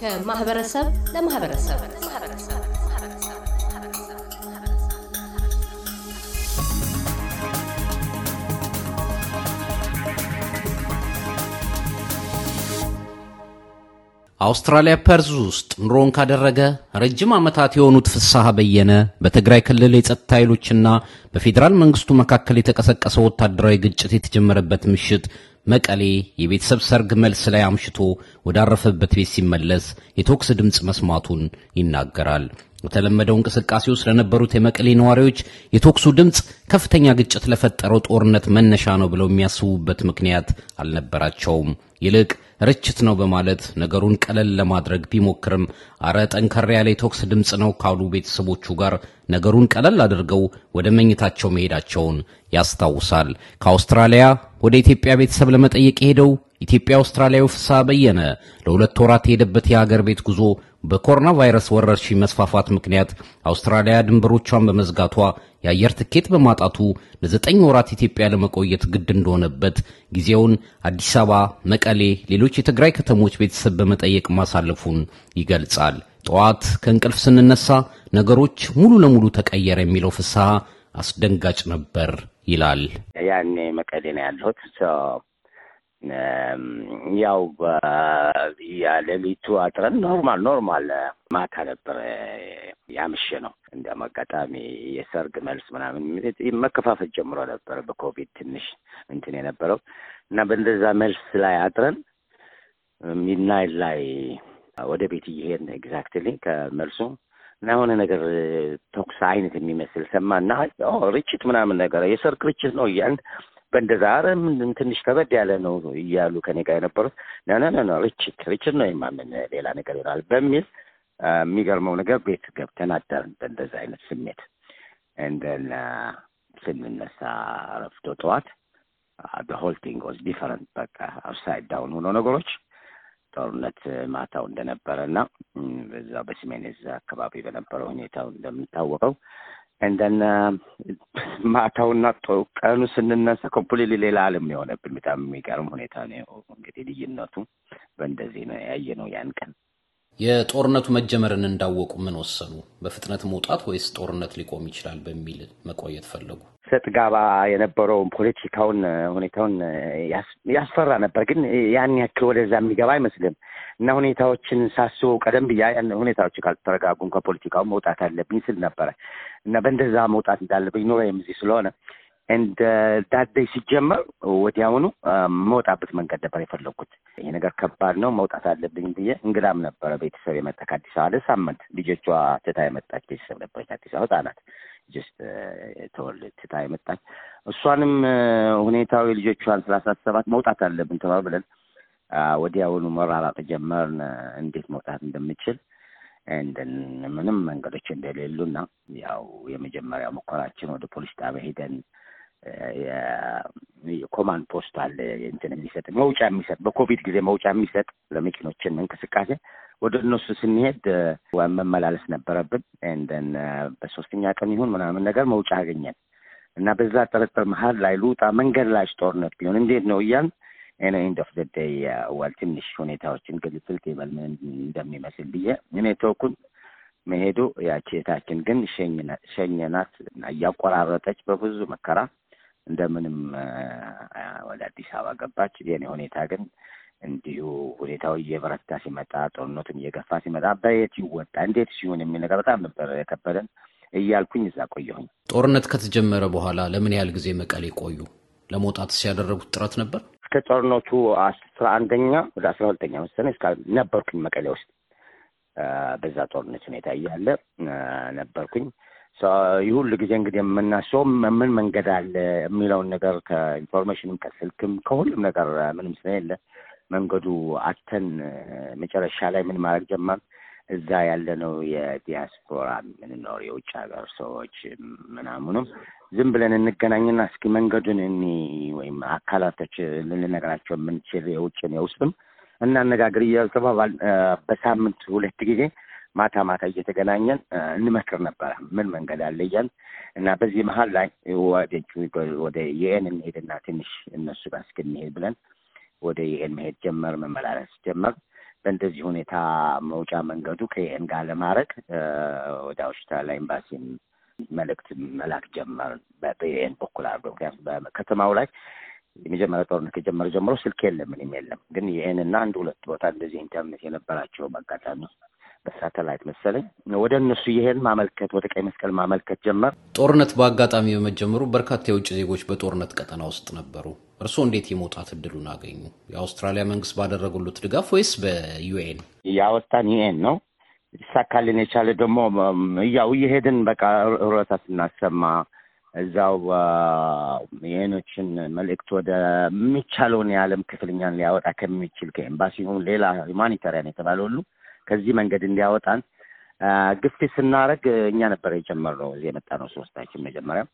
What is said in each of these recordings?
ከማህበረሰብ ለማህበረሰብ አውስትራሊያ ፐርዝ ውስጥ ኑሮን ካደረገ ረጅም ዓመታት የሆኑት ፍሳሐ በየነ በትግራይ ክልል የጸጥታ ኃይሎችና በፌዴራል መንግስቱ መካከል የተቀሰቀሰ ወታደራዊ ግጭት የተጀመረበት ምሽት መቀሌ የቤተሰብ ሰርግ መልስ ላይ አምሽቶ ወዳረፈበት ቤት ሲመለስ የተኩስ ድምፅ መስማቱን ይናገራል። በተለመደው እንቅስቃሴ ውስጥ ለነበሩት የመቀሌ ነዋሪዎች የተኩሱ ድምፅ ከፍተኛ ግጭት ለፈጠረው ጦርነት መነሻ ነው ብለው የሚያስቡበት ምክንያት አልነበራቸውም። ይልቅ ርችት ነው በማለት ነገሩን ቀለል ለማድረግ ቢሞክርም አረ ጠንከር ያለ የቶክስ ድምፅ ነው ካሉ ቤተሰቦቹ ጋር ነገሩን ቀለል አድርገው ወደ መኝታቸው መሄዳቸውን ያስታውሳል። ከአውስትራሊያ ወደ ኢትዮጵያ ቤተሰብ ለመጠየቅ የሄደው ኢትዮጵያ አውስትራሊያዊ ፍስሐ በየነ ለሁለት ወራት የሄደበት የሀገር ቤት ጉዞ በኮሮና ቫይረስ ወረርሽኝ መስፋፋት ምክንያት አውስትራሊያ ድንበሮቿን በመዝጋቷ የአየር ትኬት በማጣቱ ለዘጠኝ ወራት ኢትዮጵያ ለመቆየት ግድ እንደሆነበት ጊዜውን አዲስ አበባ፣ መቀሌ፣ ሌሎች የትግራይ ከተሞች ቤተሰብ በመጠየቅ ማሳለፉን ይገልጻል። ጠዋት ከእንቅልፍ ስንነሳ ነገሮች ሙሉ ለሙሉ ተቀየረ የሚለው ፍስሐ አስደንጋጭ ነበር ይላል። ያኔ መቀሌ ነው ያለሁት። ያው ያ የሌሊቱ አጥረን ኖርማል ኖርማል ማታ ነበረ ያምሽ ነው። እንደ አጋጣሚ የሰርግ መልስ ምናምን መከፋፈል ጀምሮ ነበረ በኮቪድ ትንሽ እንትን የነበረው እና በእንደዛ መልስ ላይ አጥረን ሚድናይት ላይ ወደ ቤት እየሄድን ኤግዛክትሊ ከመልሱ እና የሆነ ነገር ተኩስ አይነት የሚመስል ሰማ እና ርችት ምናምን ነገር የሰርግ ርችት ነው እያልን በእንደዛ ኧረ ትንሽ ከበድ ያለ ነው እያሉ ከኔ ጋር የነበሩት ነነነ ርችት ርችት ነው የማምን ሌላ ነገር ይሆናል በሚል የሚገርመው ነገር ቤት ገብተን አዳርን በእንደዛ አይነት ስሜት እንደን ስንነሳ ረፍቶ ጠዋት ሆል ቲንግ ዋዝ ዲፈረንት በቃ አፕሳይድ ዳውን ሆኖ ነገሮች ጦርነት ማታው እንደነበረ እና በዛ በስሜን በሲሜኔዝ አካባቢ በነበረው ሁኔታው እንደምንታወቀው እንደነ ማታውና ማታውና ቀኑ ስንነሳ ኮምፕሊትሊ ሌላ ዓለም ነው የሆነብን። በጣም የሚገርም ሁኔታ ነው። እንግዲህ ልዩነቱ በእንደዚህ ነው ያየ ነው ያን ቀን የጦርነቱ መጀመርን እንዳወቁ ምን ወሰኑ? በፍጥነት መውጣት ወይስ ጦርነት ሊቆም ይችላል በሚል መቆየት ፈለጉ? ሰጥ ገባ የነበረውን ፖለቲካውን ሁኔታውን ያስፈራ ነበር፣ ግን ያን ያክል ወደዛ የሚገባ አይመስልም እና ሁኔታዎችን ሳስበው ቀደም ብያ ሁኔታዎች ካልተረጋጉም ከፖለቲካው መውጣት አለብኝ ስል ነበረ እና በእንደዛ መውጣት እንዳለብኝ ኖረ የምዚህ ስለሆነ እንደ ዳደይ uh, ሲጀመር ወዲያውኑ መውጣበት uh, መንገድ ነበር የፈለግኩት። ይሄ ነገር ከባድ ነው መውጣት አለብኝ ብዬ እንግዳም ነበረ ቤተሰብ የመጣ ከአዲስ አበባ ለሳምንት ልጆቿ ትታ የመጣች ቤተሰብ ነበር አዲስ አበባ ህጻናት ጅስት uh, ተወልድ ትታ የመጣች እሷንም ሁኔታዊ ልጆቿን ስላሳሰባት መውጣት አለብን ተባለ ብለን ወዲያውኑ መራራጥ ጀመርን እንዴት መውጣት እንደምችል እንደን ምንም መንገዶች እንደሌሉና ያው የመጀመሪያው ሙከራችን ወደ ፖሊስ ጣቢያ ሄደን የኮማንድ ፖስት አለ እንትን የሚሰጥ መውጫ የሚሰጥ በኮቪድ ጊዜ መውጫ የሚሰጥ ለመኪኖችን እንቅስቃሴ ወደ እነሱ ስንሄድ መመላለስ ነበረብን። ንደን uh, በሶስተኛ ቀን ይሁን ምናምን ነገር መውጫ አገኘን እና በዛ ጥርጥር መሀል ላይ ልውጣ መንገድ ላይ ጦርነት ቢሆን እንዴት ነው እያልን እኔ ኢንድ ኦፍ ዘ ደይ ወል ትንሽ ሁኔታዎችን ግልጽል ቴበል ምን እንደሚመስል ብዬ እኔ ተውኩን መሄዱ ያቺ የታችን ግን ሸኝናት እያቆራረጠች በብዙ መከራ እንደምንም ወደ አዲስ አበባ ገባች። የኔ ሁኔታ ግን እንዲሁ ሁኔታው እየበረታ ሲመጣ፣ ጦርነቱን እየገፋ ሲመጣ በየት ይወጣ እንዴት ሲሆን የሚል ነገር በጣም ነበር የከበደን እያልኩኝ እዛ ቆየሁኝ። ጦርነት ከተጀመረ በኋላ ለምን ያህል ጊዜ መቀሌ ቆዩ? ለመውጣት ሲያደረጉት ጥረት ነበር? እስከ ጦርነቱ አስራ አንደኛ ወደ አስራ ሁለተኛ መሰለኝ ነበርኩኝ መቀሌ ውስጥ በዛ ጦርነት ሁኔታ እያለ ነበርኩኝ። ይሁል ጊዜ እንግዲህ የምናስበው ምን መንገድ አለ የሚለውን ነገር ከኢንፎርሜሽንም ከስልክም ከሁሉም ነገር ምንም ስለሌለ መንገዱ አተን መጨረሻ ላይ ምን ማድረግ ጀመር እዛ ያለነው የዲያስፖራ የምንኖር የውጭ ሀገር ሰዎች ምናምኑም ዝም ብለን እንገናኝና እስኪ መንገዱን እኒ ወይም አካላቶች ልንነግራቸው የምንችል የውጭን የውስጥም እናነጋግር እየተባባል በሳምንት ሁለት ጊዜ ማታ ማታ እየተገናኘን እንመክር ነበረ። ምን መንገድ አለ እያል እና በዚህ መሀል ላይ ወደ የኤን እንሄድና ትንሽ እነሱ ጋር እስክንሄድ ብለን ወደ የኤን መሄድ ጀመር፣ መመላለስ ጀመር። በእንደዚህ ሁኔታ መውጫ መንገዱ ከየኤን ጋር ለማድረግ ወደ አውሽታ ላይ ኤምባሲን መልእክት መላክ ጀመር በየኤን በኩል አርዶ ምክንያቱም ከተማው ላይ የመጀመሪያ ጦርነት ከጀመረ ጀምሮ ስልክ የለም ምንም የለም። ግን እና አንድ ሁለት ቦታ እንደዚህ ኢንተርኔት የነበራቸው አጋጣሚ በሳተላይት መሰለኝ ወደ እነሱ ይሄን ማመልከት ወደ ቀይ መስቀል ማመልከት ጀመር። ጦርነት በአጋጣሚ በመጀመሩ በርካታ የውጭ ዜጎች በጦርነት ቀጠና ውስጥ ነበሩ። እርስዎ እንዴት የመውጣት እድሉን አገኙ? የአውስትራሊያ መንግስት ባደረጉሉት ድጋፍ ወይስ በዩኤን? የአወጣን ዩኤን ነው። ሊሳካልን የቻለ ደግሞ ያው እየሄድን በቃ ሮታ ስናሰማ እዛው የኖችን መልእክት ወደ የሚቻለውን የዓለም ክፍል እኛን ሊያወጣ ከሚችል ከኤምባሲ ሆን ሌላ ሁማኒታሪያን የተባለ ሁሉ ከዚህ መንገድ እንዲያወጣን ግፊት ስናደረግ እኛ ነበር የጀመርነው እዚህ ነው ሶስታችን መጀመሪያ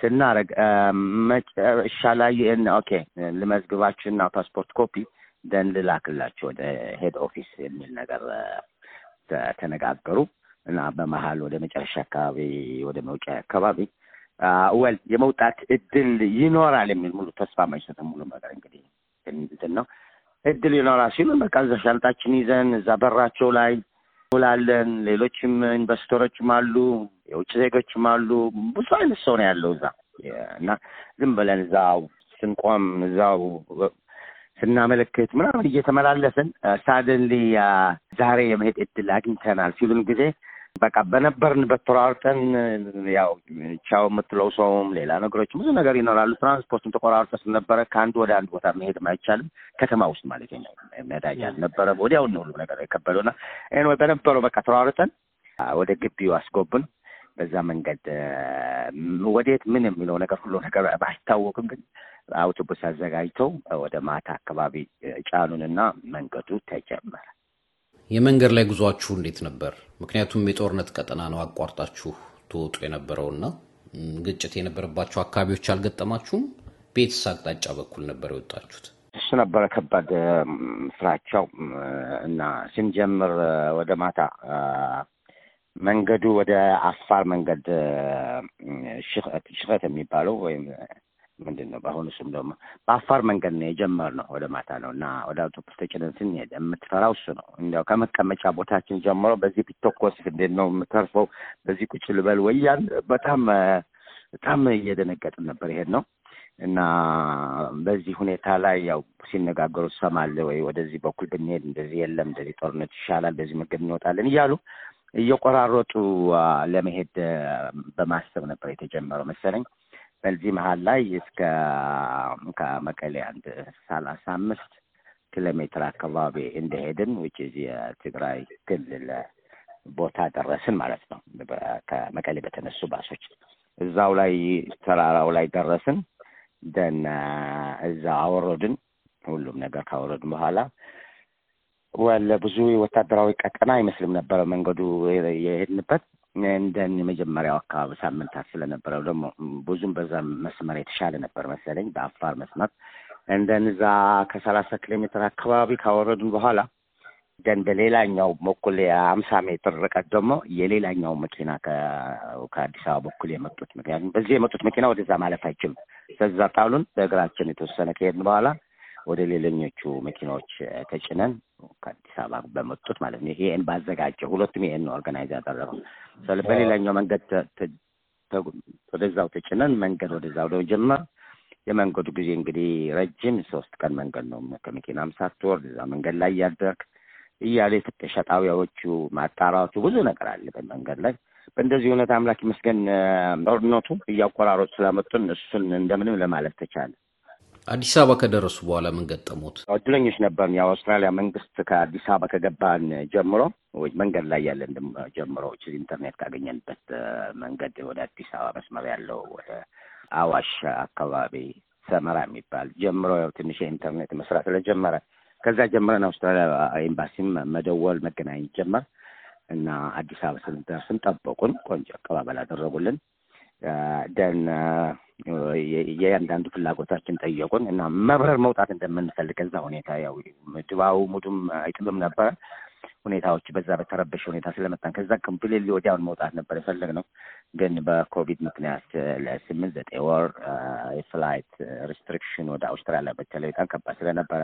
ስናደረግ መጨረሻ ላይ ኦኬ ልመዝግባችንና ፓስፖርት ኮፒ ደን ልላክላቸው ወደ ሄድ ኦፊስ የሚል ነገር ተነጋገሩ እና በመሀል ወደ መጨረሻ አካባቢ ወደ መውጫ አካባቢ ወል የመውጣት እድል ይኖራል የሚል ሙሉ ተስፋ ማይሰጥ ሙሉ ነገር እንግዲህ እድል ይኖራል ሲሉ በቃ እዛ ሻንጣችን ይዘን እዛ በራቸው ላይ ውላለን። ሌሎችም ኢንቨስተሮችም አሉ፣ የውጭ ዜጎችም አሉ። ብዙ አይነት ሰው ነው ያለው እዛ እና ዝም ብለን እዛው ስንቆም እዛው ስናመለክት ምናምን እየተመላለስን ሳደንሊ ዛሬ የመሄድ እድል አግኝተናል ሲሉን ጊዜ በቃ በነበርንበት ተሯርጠን ያው ቻው የምትለው ሰውም ሌላ ነገሮች ብዙ ነገር ይኖራሉ። ትራንስፖርትም ተቆራርጠ ስለነበረ ከአንድ ወደ አንድ ቦታ መሄድ አይቻልም። ከተማ ውስጥ ማለት ነው። ነዳጅ አልነበረ። ወዲያውን ሁሉ ነገር ና ኤንወይ በነበረው በቃ ተሯርጠን ወደ ግቢው አስጎብን። በዛ መንገድ ወዴት ምን የሚለው ነገር ሁሉ ነገር ባይታወቅም ግን አውቶቡስ አዘጋጅተው ወደ ማታ አካባቢ ጫኑንና መንገዱ ተጀመረ። የመንገድ ላይ ጉዟችሁ እንዴት ነበር? ምክንያቱም የጦርነት ቀጠና ነው አቋርጣችሁ ትወጡ የነበረውና ግጭት የነበረባቸው አካባቢዎች አልገጠማችሁም? ቤትስ አቅጣጫ በኩል ነበር የወጣችሁት? እሱ ነበረ ከባድ ስራቸው እና ስንጀምር ወደ ማታ መንገዱ ወደ አፋር መንገድ ሽኸት የሚባለው ወይም ምንድን ነው በአሁኑ ስም ደግሞ በአፋር መንገድ ነው የጀመርነው። ወደ ማታ ነው እና ወደ አውቶቡስ ተጭነን ስንሄድ የምትፈራው እሱ ነው። እንዲያው ከመቀመጫ ቦታችን ጀምሮ በዚህ ቢተኮስ እንዴት ነው የምተርፈው? በዚህ ቁጭ ልበል ወያን በጣም በጣም እየደነገጥን ነበር ይሄድ ነው እና በዚህ ሁኔታ ላይ ያው ሲነጋገሩ ትሰማለህ ወይ? ወደዚህ በኩል ብንሄድ እንደዚህ የለም፣ እንደዚህ ጦርነት ይሻላል፣ በዚህ መንገድ እንወጣለን እያሉ እየቆራረጡ ለመሄድ በማሰብ ነበር የተጀመረው መሰለኝ። በዚህ መሀል ላይ እስከ ከመቀሌ አንድ ሰላሳ አምስት ኪሎ ሜትር አካባቢ እንደሄድን ውጭ የትግራይ ክልል ቦታ ደረስን ማለት ነው። ከመቀሌ በተነሱ ባሶች እዛው ላይ ተራራው ላይ ደረስን። ደን uh, እዛ አወረድን። ሁሉም ነገር ካወረድን በኋላ ወለ ብዙ ወታደራዊ ቀጠና አይመስልም ነበረ መንገዱ የሄድንበት እንደን የመጀመሪያው አካባቢ ሳምንታት ስለነበረው ደግሞ ብዙም በዛ መስመር የተሻለ ነበር መሰለኝ በአፋር መስመር እንደን እዛ ከሰላሳ ኪሎ ሜትር አካባቢ ካወረዱን በኋላ ደን በሌላኛው በኩል የአምሳ ሜትር ርቀት ደግሞ የሌላኛው መኪና ከአዲስ አበባ በኩል የመጡት ምክንያቱም በዚህ የመጡት መኪና ወደዛ ማለፍ አይችልም። ስለዛ ጣሉን። በእግራችን የተወሰነ ከሄድን በኋላ ወደ ሌለኞቹ መኪናዎች ተጭነን ከአዲስ አበባ በመጡት ማለት ነው። ይሄን ባዘጋጀው ሁለቱም ይሄን ነው ኦርጋናይዝ ያደረገው። በሌላኛው መንገድ ወደዛው ተጭነን መንገድ ወደዛው ደው ጀመር። የመንገዱ ጊዜ እንግዲህ ረጅም ሶስት ቀን መንገድ ነው። ከመኪናም ሳትወርድ እዛ መንገድ ላይ እያደረክ እያለ የፍተሻ ጣቢያዎቹ ብዙ ነገር አለ በመንገድ ላይ በእንደዚህ እውነት አምላክ ይመስገን ጦርነቱ እያቆራረጡ ስላመጡን እሱን እንደምንም ለማለት ተቻለ። አዲስ አበባ ከደረሱ በኋላ ምን ገጠሙት? እድለኞች ነበርን። ያው አውስትራሊያ መንግስት ከአዲስ አበባ ከገባን ጀምሮ ወይ መንገድ ላይ ያለን ጀምሮ ኢንተርኔት ካገኘንበት መንገድ ወደ አዲስ አበባ መስመር ያለው ወደ አዋሽ አካባቢ ሰመራ የሚባል ጀምሮ ያው ትንሽ የኢንተርኔት መስራት ስለጀመረ ከዛ ጀምረን አውስትራሊያ ኤምባሲም መደወል መገናኘት ጀመር እና አዲስ አበባ ስንደርስም ጠበቁን። ቆንጆ አቀባበል አደረጉልን። ደን የእያንዳንዱ ፍላጎታችን ጠየቁን እና መብረር መውጣት እንደምንፈልግ እዛ ሁኔታ ያው ድባቡ ሙዱም አይጥምም ነበር። ሁኔታዎች በዛ በተረበሸ ሁኔታ ስለመጣን ከዛ ክምፕሌሊ ወዲያውን መውጣት ነበር ነው ግን በኮቪድ ምክንያት ለስምንት ዘጠኝ ወር የፍላይት ሪስትሪክሽን ወደ አውስትራሊያ በተለይ በጣም ከባድ ስለነበረ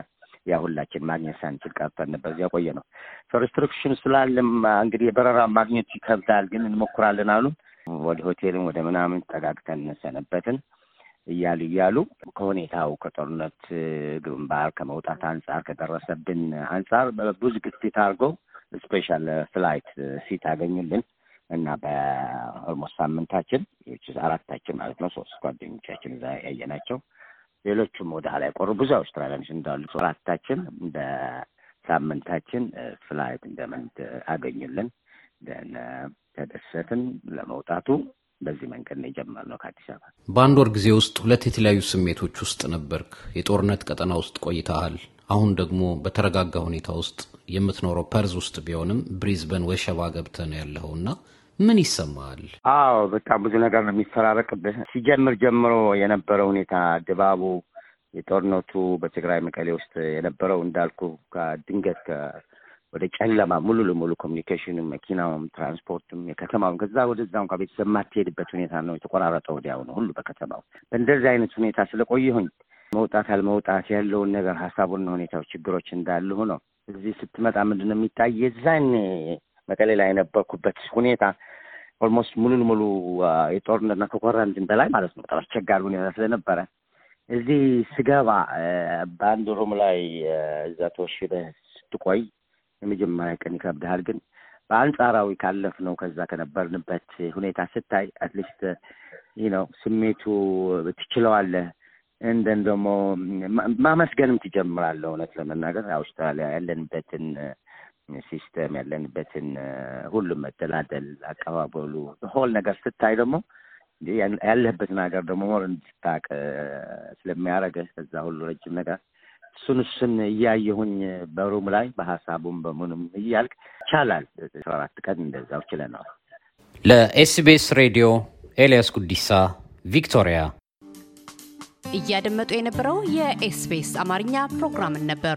ያ ሁላችን ማግኘት ሳንችል ቀርተን ነበር እዚያ ቆየ ነው። ሪስትሪክሽን ስላለም እንግዲህ የበረራ ማግኘት ይከብዳል፣ ግን እንሞክራለን አሉን። ወደ ሆቴልን ወደ ምናምን ጠጋግተን ሰነበትን እያሉ እያሉ ከሁኔታው ከጦርነት ግንባር ከመውጣት አንጻር ከደረሰብን አንጻር ብዙ ግፊት አድርገው ስፔሻል ፍላይት ሲት አገኙልን እና በኦልሞስት ሳምንታችን አራታችን ማለት ነው ሶስት ጓደኞቻችን እዛ ያየናቸው ሌሎቹም ወደ ኋላ የቆሩ ብዙ አውስትራሊያኖች እንዳሉ አራታችን በሳምንታችን ፍላይት እንደምን አገኙልን። ተደሰትን ለመውጣቱ። በዚህ መንገድ ነው የጀመርነው ከአዲስ አበባ። በአንድ ወር ጊዜ ውስጥ ሁለት የተለያዩ ስሜቶች ውስጥ ነበርክ። የጦርነት ቀጠና ውስጥ ቆይተሃል። አሁን ደግሞ በተረጋጋ ሁኔታ ውስጥ የምትኖረው ፐርዝ ውስጥ ቢሆንም ብሪዝበን ወሸባ ገብተህ ነው ያለኸው እና ምን ይሰማል? አዎ በጣም ብዙ ነገር ነው የሚፈራረቅብህ። ሲጀምር ጀምሮ የነበረው ሁኔታ ድባቡ፣ የጦርነቱ በትግራይ መቀሌ ውስጥ የነበረው እንዳልኩ ከድንገት ወደ ጨለማ ሙሉ ለሙሉ ኮሚኒኬሽንም፣ መኪናውም፣ ትራንስፖርትም፣ የከተማውም ከዛ ወደዛ እንኳ ቤተሰብ ማትሄድበት ሁኔታ ነው የተቆራረጠ ወዲያው ነው ሁሉ በከተማው በእንደዚህ አይነት ሁኔታ ስለቆየሁኝ መውጣት አልመውጣት ያለውን ነገር ሀሳቡን ሁኔታዎች ችግሮች እንዳሉ ሆኖ እዚህ ስትመጣ ምንድን ነው የሚታይ የዛን መቀሌ ላይ የነበርኩበት ሁኔታ ኦልሞስት ሙሉ ለሙሉ የጦርነትና ከኮረንትን በላይ ማለት ነው። በጣም አስቸጋሪ ሁኔታ ስለነበረ እዚህ ስገባ በአንድ ሩም ላይ እዛ ተወሽበህ ስትቆይ የመጀመሪያ ቀን ይከብድሃል፣ ግን በአንጻራዊ ካለፍ ነው ከዛ ከነበርንበት ሁኔታ ስታይ አትሊስት ይህ ነው ስሜቱ ትችለዋለህ። እንደን ደግሞ ማመስገንም ትጀምራለህ። እውነት ለመናገር አውስትራሊያ ያለንበትን ሲስተም ያለንበትን ሁሉም መደላደል፣ አቀባበሉ ሆል ነገር ስታይ ደግሞ ያለህበትን ሀገር ደግሞ ሞር እንድታቅ ስለሚያደርግህ ከዛ ሁሉ ረጅም ነገር እሱን እሱን እያየሁኝ በሩም ላይ በሀሳቡም በሙንም እያልክ ይቻላል አስራ አራት ቀን እንደዛው ነው። ለኤስቢኤስ ሬዲዮ ኤልያስ ጉዲሳ ቪክቶሪያ። እያደመጡ የነበረው የኤስቢኤስ አማርኛ ፕሮግራምን ነበር።